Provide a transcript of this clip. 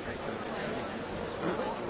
Ευχαριστώ.